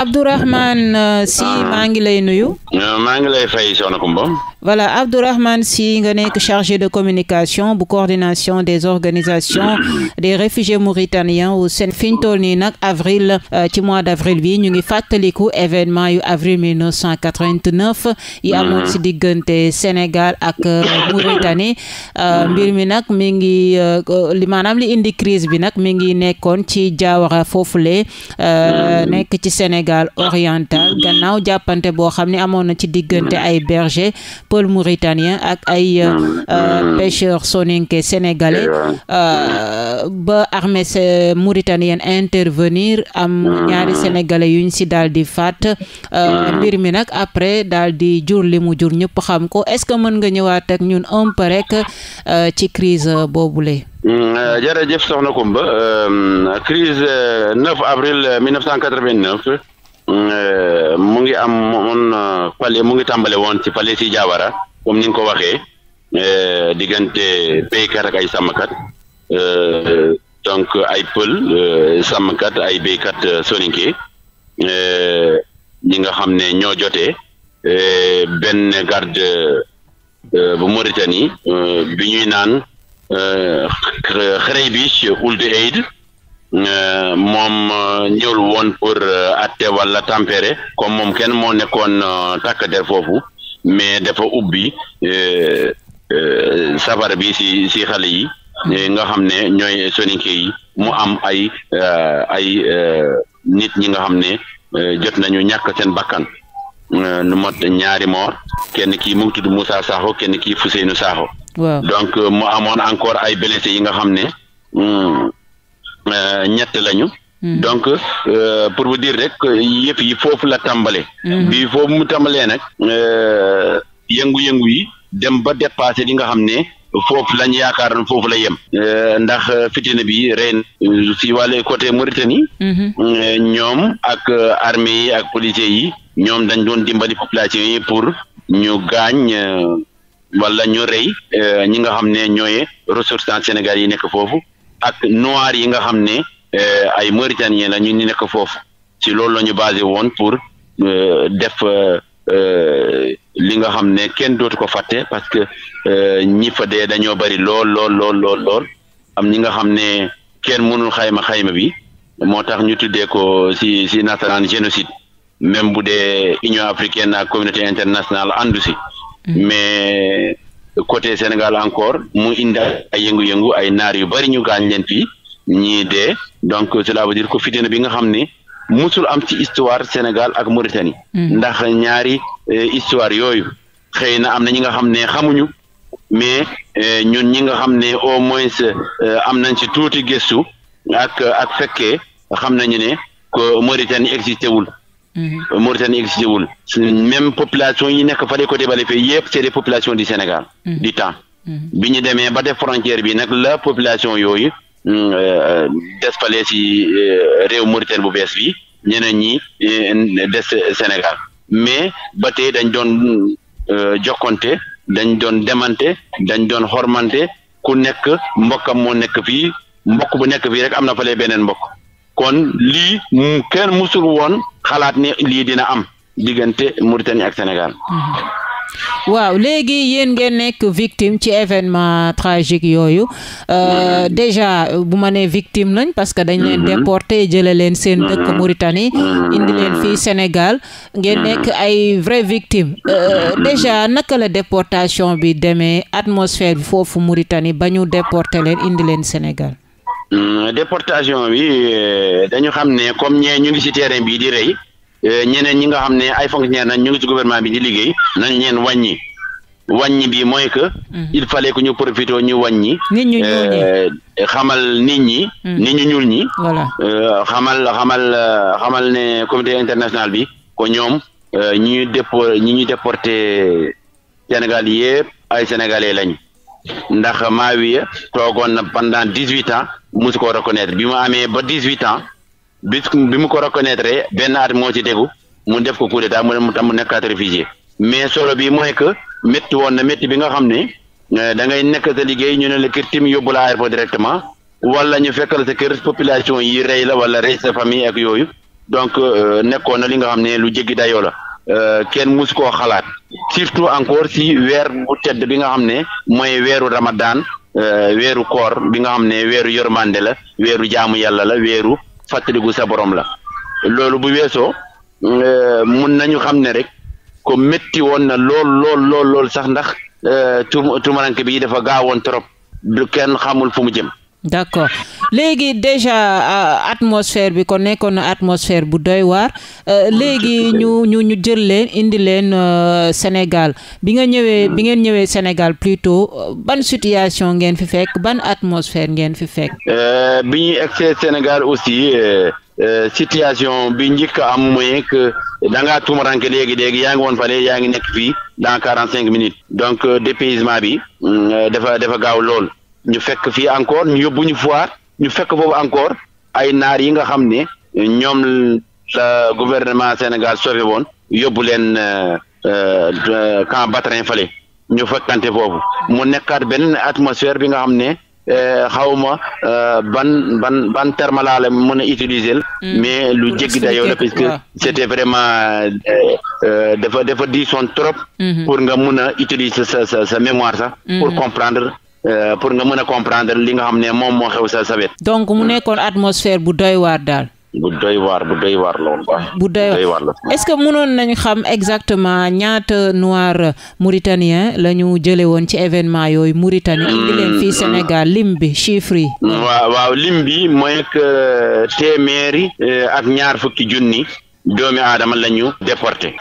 Abdourahmane euh, Sy ah. maa ngi lay nuyu. Euh, maa ngi lay fay Soxna Kumba. voilà Abdourahmane Sy nga nekk chargé de communication bu coordination des organisations des réfugiés mauritaniens au Sénégal fi ñu nii nag avril euh, ci mois d' avril bi ñu ngi fàttaliku événement yu avril 1989 yi amoon si diggante Sénégal ak euh, Mauritanie euh, mbir mi nag mi ngi li maanaam li indi crise bi nag mi ngi nekkoon ci Diawara foofule nekk ci Sénégal oriental gannaaw jàppante boo xam ne amoon na ci diggante ay berger peul mauritanien ak ay euh, ah, euh, mm. pêcheurs soninké sénégalais euh, ba armée mauritanienne intervenir am mm. ñaari sénégalais yuñ si daal di faat mm. mbir mi nag après daal di jur li mu jur ñëpp xam ko est-ce que mën nga ñëwaat ak ñun un peu rek ci crise boobule jëf soxna Kumba crise avril mu ngi am moon pale mu ngi tàmbale woon ci pale si jaawara comme ni nga ko waxe eh, diggante béykat ak ay sàmmkat eh, donc ay pël eh, sàmmkat ay béykat soninke ñi nga xam ne ñoo jotee benn garde bu Mauritanie bi ñuy naan xërëy bi Ould Aïd Euh, moom euh, ñëwul woon pour euh, atte wala tempérer comme moom kenn moo nekkoon takk der foofu mais dafa ubbi safara bi si si xale yi nga xam ne ñooy soninke yi mu am ay ay nit ñi nga xam ne jot nañu ñàkk seen bakkan nu mot ñaari moor kenn kii mu ngi tudd Moussa Sakho kenn kii Fouseynou Sakho donc mu amoon encore ay blessé yi nga xam ne hmm, ñett lañu. Hmm. donc euh, pour vous dire rek yëf yi foofu la tàmbalee. Hmm. bi foofu mu tàmbalee nag euh, yëngu-yëngu yi dem ba dépassé li xam ne. foofu lañ yaakaaroon foofu la yem. Euh, ndax fitina bi ren si wàllu côté Mauritanie. Hmm. ñoom ak armée yi ak policiers yi ñoom dañ doon dimbali population yi pour ñu gaañ wala ñu rey ñi xam ne ñooy ressortissants sénégalais yi nekk foofu ak noir yi nga xam ne euh, ay mauritanien la ñu nekk foofu ci loolu la ñu basé woon pour euh, def euh, li nga xam ne kenn dootu ko fàtte parce que ñi fa dee dañoo bari lool lool lool am ñi nga xam ne kenn mënul xayma xayma bi moo tax ñu tuddee ko si si nasaraan génocide même bu dee Union africaine ak communauté internationale àndu si mm. mais côté Sénégal encore mu indi ay yëngu-yëngu ay naar yu bari ñu gaañ leen fii ñii dee donc cela veut ko que fitna bi nga xam ne mosul am ci histoire Sénégal ak Mauritanie. Mm-hmm. ndax ñaari eh, histoire yooyu xëy na am na ñi nga xam ne xamuñu mais eh, ñun ñi nga xam ne au moins eh, am nañ ci tuuti gëstu ak ak fekkee xam nañu ne que Mauritanie existé wul. Mhm. Euh, Mauritanie existé wul même population yi nekk fale côté bale fee yëpp c'est des populations du Sénégal mhm. du temps mhm. bi ñu demee ba def frontière bi nag la population yooyu mm, euh, des fale si euh, réew Mauritanie bu bees bi ñeneen ñi des Sénégal mais ba tey dañ doon jokkonte dañ doon demante dañ doon xormante ku nekk mbokkam moo nekk fii mbokk bu nekk fii rek am na fale beneen mbokk kon lii mu kenn musul woon xalaat ne lii dina am diggante Mauritanie ak Sénégal. Mm-hmm. waaw léegi yéen ngeen nekk victime ci événement tragique yooyu euh, mm-hmm. déjà bu ma nee victime lañ parce que dañ leen mm-hmm. déporté jële leen seen dëkk Mauritanie indi leen fii Sénégal ngeen nekk ay vraie victime euh, déjà naka la déportation bi demee atmosphère bi foofu Mauritanie ba ñu déporté leen indi leen Sénégal Euh, déportation bi euh, dañu xam ne comme ñeen ñu ngi ci terrain bi di rey euh, ñeneen ñi nga xam ne ay fonctionnaires nañ ñu ngi ci gouvernement bi di liggéey nañ leen wàññi wàññi bi mooy que. Mhm. il fallait que ñu profité ñu wàññi. nit ñu ñuul xamal nit ñi. Mhm. nit ñu ñuul ñi. voilà xamal xamal xamal ne comité international bi ko ñoom ñi ñu dépo ñi ñu déporté Sénégal yépp ay sénégalais lañu. ndax Maawiya toogoon na pendant dix huit ans su ko reconnaître bi mu amee ba dix huit ans bi bi mu ko reconnaître benn at moo ci tegu mu def ko coup d'état mu mu tam mu nekkaat réfugié mais solo bi mooy que métti woon na métti bi nga xam ne euh, da ngay nekk sa liggéey ñu ne la kër tim yóbbu la aéroport directement wala ñu fekk sa kër population yi rey la wala rey sa famille ak yooyu donc euh, nekkoon na li nga xam ne lu jéggi dayoo la Euh, kenn mus koo xalaat surtout encore si weer bu tedd bi nga xam ne mooy weeru Ramadan euh, weeru koor bi nga xam ne weeru yërmande la weeru jaamu yàlla la weeru fàttaliku sa borom la loolu bu weesoo euh, mun nañu xam ne rek ko métti woon na lool lool lool lool sax ndax tuum tuumaranke bi dafa gaawoon trop du kenn xamul fu mu jëm. d' accord léegi déjà euh, atmosphère bi kon nekkoon na atmosphère bu doy waar euh, léegi ñu ñu ñu jël leen indi leen euh, Sénégal bi nga ñëwee hmm. bi ngeen ñëwee Sénégal plutôt euh, ban situation ngeen fi fekk ban atmosphère ngeen fi fekk. Euh, bi ñuy egsee Sénégal aussi euh, situation bi njëkk am mooy que da tuumaranke léegi léegi yaa ngi woon fale yaa ngi nekk fii dans minutes donc dépaysement bi hmm, dafa dafa gaaw lool. ñu fekk fii encore ñu yóbbu ñu foire ñu fekk foofu encore ay naar yi nga xam ne ñoom la gouvernement Sénégal sauvé woon yóbbu leen euh, euh, camp Batrin fale ñu fekkante foofu mu nekkaat benn atmosphère bi nga xam ne euh, xawma ban ban ban terme laa la mën a utiliser hmm. mais lu jéggi dayoo la parce que c'était vraiment dafa dafa diisoon trop hmm. pour nga mën a utiliser sa sa sa mémoire sax hmm. pour comprendre Euh, pour nga mën a comprendre li nga xam ne moom moo xew sa sa donc mu nekkoon atmosphère bu doy waar daal. bu doy waar bu doy waar lool. bu doy waar la ce que mënoon nañu xam exactement ñaata noir mauritanien la ñu jëlee woon ci événement yooyu Mauritanie. indi leen fii Sénégal lim bi chiffre yi. waaw waaw lim bi mooy que euh, téeméeri euh, ak ñaar fukki junni doomi aadama lañu ñu déporté.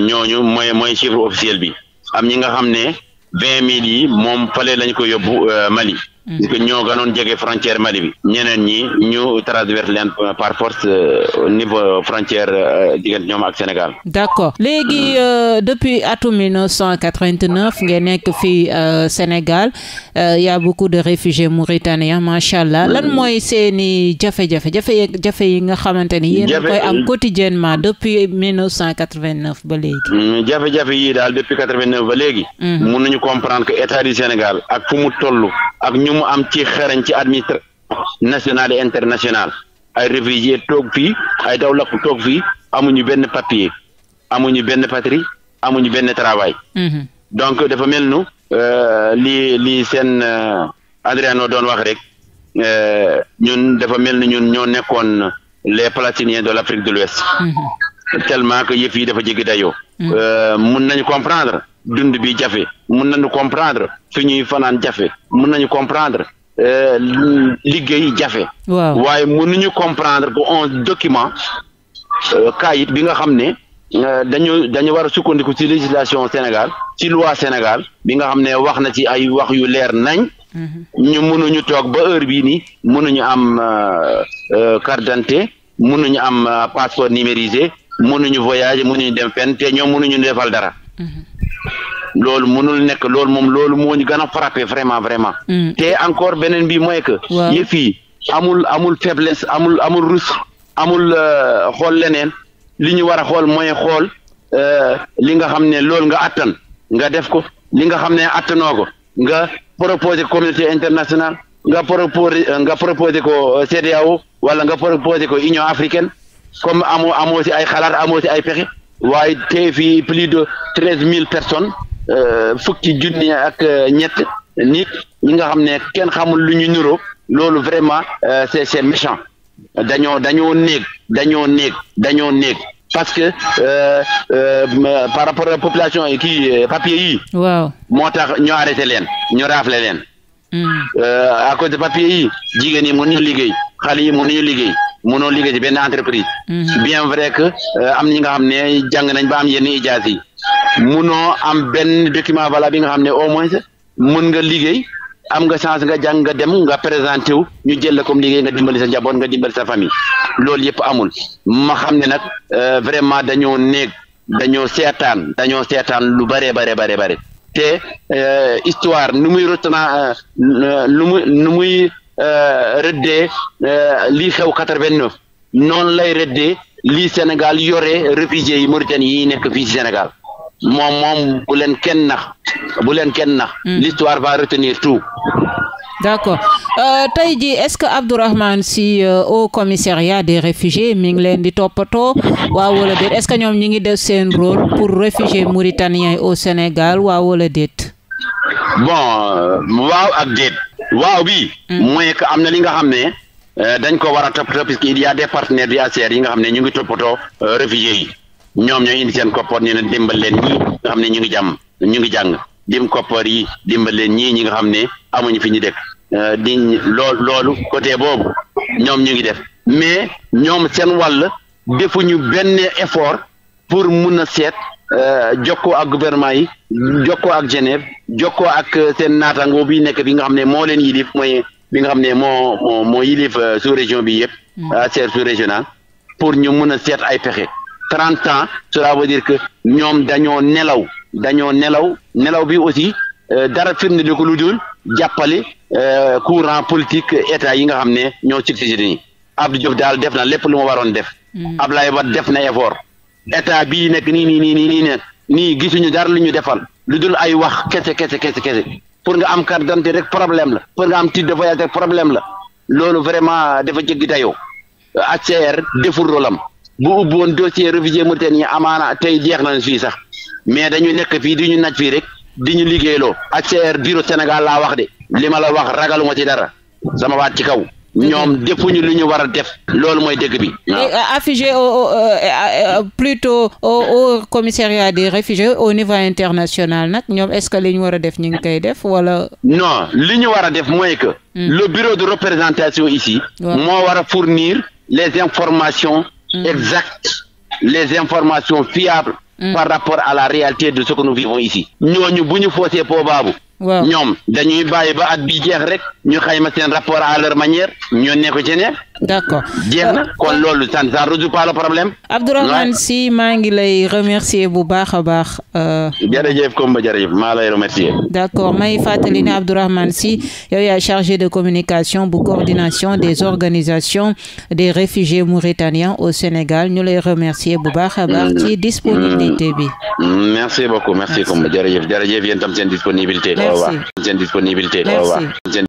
ñooñu mooy mooy chiffre officiel bi am ñi nga xam ne. vingt mille yi moom fale lañ ko yóbbu euh, Mali Mm. ñoo gënoon jege frontière Mali bi ñeneen ñi ñu traverse leen par force euh, niveau frontière euh, diggante ñoom ak Sénégal. d'accord léegi mm. euh, depuis atum 1989 ngeen nekk fii Sénégal ya bu beaucoup de réfugiés mauritaniens macha allah mm. lan mooy seeni jafe-jafe jafe-jafe yi nga xamante ni yéen a koy am quotidiennement depuis 1989 ba léegi. jafe-jafe yi daal depuis 89 ba léegi. mun nañu comprendre que état du Sénégal ak fu mu toll. ak ñu mu am ci xereñ ci administration nationale et internationale ay réfugié toog fi ay daw lakk toog fii amuñu benn papier amuñu benn patrie amuñu benn travail. Mhm. donc dafa mel nu euh, li li seen euh, Adriano doon wax rek euh, ñun dafa mel ni ñoo nekkoon les palestiniens de l' Afrique de l'Ouest mhm. tellement que yëf yi dafa jéggi dayoo. Mhm. mun nañu comprendre. dund bi jafe mun nañu comprendre fi ñuy fanaan jafe mun nañu comprendre euh, liggéey jafe. waaw waaye mënuñu comprendre bu un document euh, kayit bi nga xam ne euh, dañu dañu war a sukkandiku ci législation Sénégal ci loi Sénégal bi nga xam ne wax na ci ay wax yu leer nañ. Mhm. ñu mënuñu toog ba heure bii nii mënuñu am carte d'identité mënuñu am passeport numérisé mënuñu voyager mënuñu dem fenn te ñoom mënuñu defal dara. Mhm. loolu mënul nekk loolu moom loolu moo ñu gën a frappé vraiment vraiment. Mm. te encore beneen bi mooy que. yëf yi amul amul faiblesse amul amul rus amul euh, xool leneen li ñu war a xool mooy xool euh, li nga xam ne loolu nga attan nga def ko li nga xam ne attanoo ko nga proposé communauté internationale nga proposé euh, nga proposé ko CEDEAO wala nga proposé ko Union africaine comme amoo amoo si ay xalaat amoo si ay pexe waaye tey fii plus de treize mille personnes Euh, fukki junni ak euh, ñett nit ñi nga xam ne kenn xamul lu ñu niroo loolu vraiment euh, c'est c'est méchant dañoo dañoo néeg dañoo néeg dañoo néeg parce que euh, euh, par rapport à population yi kii papier yi waaw moo tax ñu arrêté leen ñu raafle leen hmm. à cause de papier yi jigéen yi mënuñu liggéey xale yi mënuñu liggéey mënoo liggéey ci benn entreprise hmm. bien vrai que am ñi nga xam ne jàng nañ ba am yenn ijaas munoo am benn document valable bi nga xam ne au moins mën nga liggéey am nga chance nga jàng nga dem nga présenté wu ñu jël la comme liggéey nga dimbali sa njaboot nga dimbali sa famille loolu yëpp amul ma xam ne nag euh, vraiment dañoo néeg dañoo seetaan dañoo seetaan lu bare bare bare bare te euh, histoire nu muy retena lu euh, muy nu muy rëddee lii xew quatre-vingt-neuf noonu lay rëddee lii Sénégal yore réfugiés yi Mauritanie yi nekk fii ci Sénégal moom moom bu leen kenn nax bu leen kenn nax hmm. l'histoire va retenir tout d'accord euh, tey jii est-ce que Abdourahmane Sy euh, au commissariat des réfugiés mi ngi leen di toppatoo waaw wala déet est-ce que ñoom ñi ngi def seen rôle pour réfugiés mauritaniens au Sénégal waaw wala bon euh, waaw ak déet waaw bi hmm. mooy que am na li nga xam ne euh, dañ ko war a toppatoo puisque il y a des partenaires yi nga xam ne ñu ngi toppatoo réfugiés yi ñoom ñooy indi seen koppoor ñu ne dimbal ñii nga xam ne ñu ngi jàmm ñu ngi jàng dim koppoor yi dimbal leen ñii ñi nga xam ne amuñu fi ñu dëkk euh, di lool loolu côté boobu ñoom ñu ngi def mais ñoom seen wal wàll ñu benn effort pour mun a seet euh, jokkoo ak gouvernement yi jokko ak Genève jokkoo ak seen naataango bi nekk bi nga xam ne moo leen yilif mooy bi nga xam ne moo moo yilif euh, su région bi yëpp. affaire mm. sous régional pour ñu mun a seet ay pexe. trente ans cela veut dire que ñoom dañoo nelaw dañoo nelaw nelaw bi aussi euh, dara firnde di ko lu dul jàppale euh, courant politique état yi nga xam ne ñoo subsidé nii Abdou Diouf daal def na lépp lu mu waroon def mm-hmm. Ablaye Wade def na effort état bii nekk nii nii nii nii nii ne nii gisuñu dara lu ñu defal lu dul ay wax kese kese kese kese pour nga am carte d'identité rek problème la pour nga am titre de voyage problème la loolu vraiment dafa jéggi dayoo HCR deful rôle bu ubbi woon dossier réfugié Mauritanie amaana tey jeex nañ fii sax mais dañu nekk fii di ñu naj fii rek di ñu liggéeyloo HCR bureau Sénégal laa wax de li ma la wax ragaluma ci dara sama waat ci kaw. ñoom defuñu lu ñu war a def. loolu mooy dëgg bi. Euh, affigé au euh, euh, plutôt au commissariat des réfugiés au niveau international nag ñoom est-ce que li ñu war a def ñu ngi koy def wala. non li ñu war a def mooy que. Hmm. le bureau de représentation ici. moo war a fournir les informations. Mm-hmm. exactes, les informations fiables mm-hmm. par rapport à la réalité de ce que nous vivons ici ñooñu bu ñu foosee poo waaw ñoom dañuy bàyyi ba at bi jeex rek ñu xayma seen rapport à leur manière ñoo ne ko ci ne. jeex na euh, kon loolu ça ne résout pas le problème. Abdourahmane si maa ngi lay remercier bu baax a baax. Euh, jërëjëf Comba jërëjëf maa lay remercier. d'accord may fàttali ne Abdourahmane Sy yow yaa chargé de communication bu coordination des organisations des réfugiés mauritaniens au Sénégal ñu lay remercier bu baax a baax. ci disponibilité bi. Mm. Mm. merci beaucoup merci Comba jërëjëf jërëjëf yéen tam seen disponibilité. Merci. Au revoir. Merci.